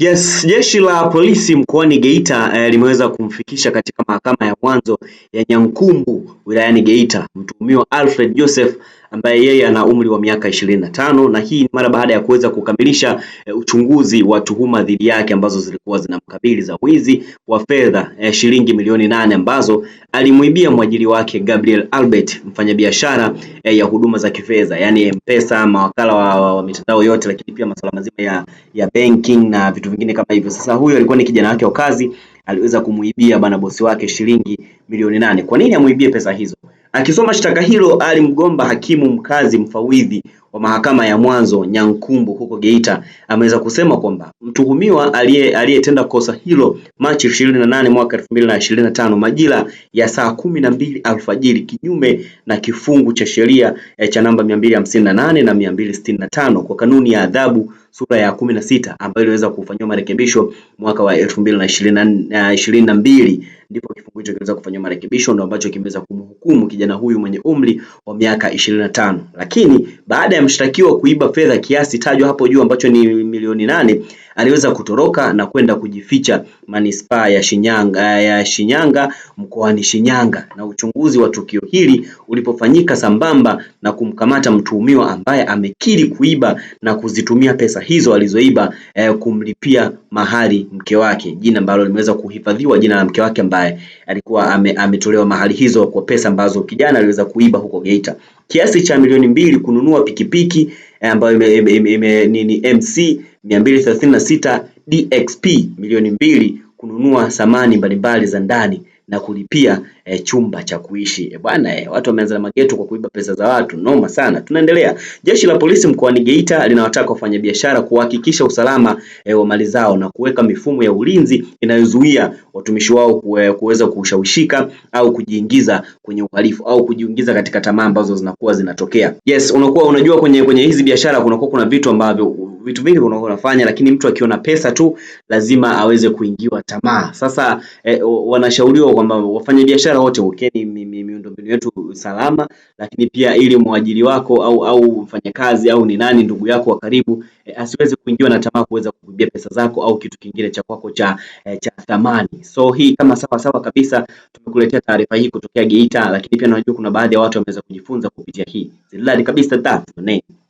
Yes, jeshi la polisi mkoani Geita eh, limeweza kumfikisha katika mahakama ya mwanzo ya Nyankumbu wilayani Geita mtuhumiwa Alfred Joseph ambaye yeye ana umri wa miaka ishirini na tano na hii ni mara baada ya kuweza kukamilisha e, uchunguzi wa tuhuma dhidi yake ambazo zilikuwa zinamkabili za wizi wa fedha e, shilingi milioni nane ambazo alimuibia mwajiri wake Gabriel Albert, mfanyabiashara e, ya huduma za kifedha yani M-Pesa, mawakala wa, wa, wa mitandao yote, lakini pia masuala mazima ya, ya banking na vitu vingine kama hivyo. Sasa huyo alikuwa ni kijana wake wa kazi, aliweza kumuibia bana bosi wake shilingi milioni nane. Kwa nini amuibie pesa hizo? Akisoma shtaka hilo, alimgomba hakimu mkazi mfawidhi wa mahakama ya mwanzo Nyankumbu huko Geita, ameweza kusema kwamba mtuhumiwa aliyetenda kosa hilo Machi 28 mwaka 2025 majira ya saa kumi na mbili alfajiri kinyume na kifungu cha sheria eh, cha namba 258 na 265 kwa kanuni ya adhabu sura ya kumi na sita ambayo iliweza kufanyiwa marekebisho mwaka wa 2022 eh, ndipo kifungu hicho kiliweza kufanyiwa marekebisho ndio ambacho kimeweza kum kumhukumu kijana huyu mwenye umri wa miaka 25. Lakini baada ya mshtakiwa kuiba fedha kiasi tajwa hapo juu ambacho ni milioni nane Aliweza kutoroka na kwenda kujificha manispaa ya Shinyanga, ya Shinyanga mkoani Shinyanga na uchunguzi wa tukio hili ulipofanyika sambamba na kumkamata mtuhumiwa ambaye amekiri kuiba na kuzitumia pesa hizo alizoiba eh, kumlipia mahari mke wake, jina ambalo limeweza kuhifadhiwa jina la mke wake ambaye alikuwa ametolewa mahali mahari hizo kwa pesa ambazo kijana aliweza kuiba huko Geita kiasi cha milioni mbili kununua pikipiki eh, ambayo ime ni MC 236 DXP milioni mbili kununua samani mbalimbali za ndani na kulipia e, chumba cha kuishi e, bwana e, watu wameanza na mageto kwa kuiba pesa za watu, noma sana. Tunaendelea. Jeshi la polisi mkoani Geita linawataka wafanyabiashara kuhakikisha usalama e, wa mali zao na kuweka mifumo ya ulinzi inayozuia watumishi wao kuweza kushawishika au kujiingiza kwenye uhalifu au kujiingiza katika tamaa ambazo zinakuwa zinatokea. Yes, unakuwa unajua kwenye kwenye hizi biashara kunakuwa kuna vitu ambavyo vitu vingi unakuwa unafanya, lakini mtu akiona pesa tu lazima aweze kuingiwa tamaa. Sasa e, wanashauriwa kwamba wafanye biashara biashara wote, wekeni miundombinu yetu salama, lakini pia ili mwajiri wako au au mfanyakazi au ni nani ndugu yako wa karibu e, asiweze kuingiwa na tamaa kuweza kuibia pesa zako au kitu kingine cha kwako cha e, cha thamani. So hii kama sawa sawa kabisa, tumekuletea taarifa hii kutokea Geita, lakini pia najua kuna baadhi ya watu wameweza kujifunza kupitia hii. Zilali kabisa that,